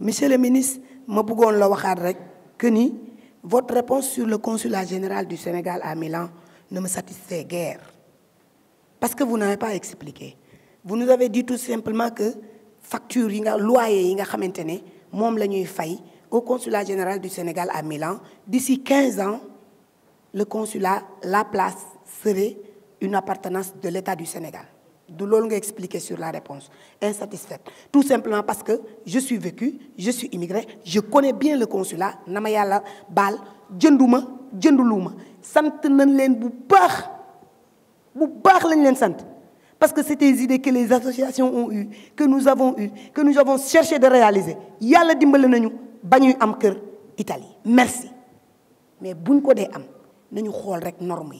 monsieur le ministre je la que votre réponse sur le consulat général du Sénégal à Milan ne me satisfait guère parce que vous n'avez pas expliqué vous nous avez dit tout simplement que facture loyer yi nga failli au consulat général du Sénégal à Milan d'ici 15 ans le consulat la place serait une appartenance de l'État du Sénégal de l'eau expliqué sur la réponse. Insatisfaite. Tout simplement parce que je suis vécu, je suis immigré, je connais bien le consulat. Namayala Bal, Djenduma, Djendoulouma. Santenanlen Boubar Boubach Lenlen Sant. Parce que c'est des idées que les associations ont eues, que nous avons eues, que nous avons cherché de réaliser. Yalla dimbale nañu bañuy am kër Italie. Merci. Mais buñ ko dé am nañu xol rek norme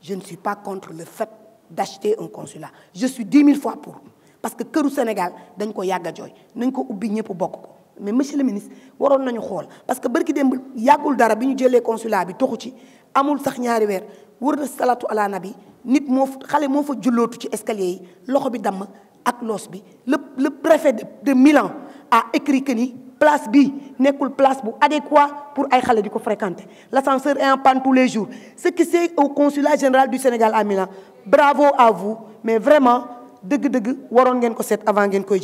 Je ne suis pas contre le fait d'acheter un consulat je suis dix mille fois pour parce que këru Sénégal dañ ko yàgg a jooy nañ ko ubbi ñëpp bokk mais monsieur le ministre waron nañu xool parce que bërki démb yagul dara bi ñu jëlee consulat bi toxu ci amul sax ñaari weer wër salatu ala nabi nit moo xale moo fa jullootu ci escalier yi loxo bi damm ak loos bi le le préfet de Milan a écrit que ni place bi nekul place adéquate adéquat pour ay xalé fréquenter l'ascenseur est en panne tous les jours ce qui c'est au consulat général du Sénégal à Milan bravo à vous mais vraiment vous deug ngeen avant koy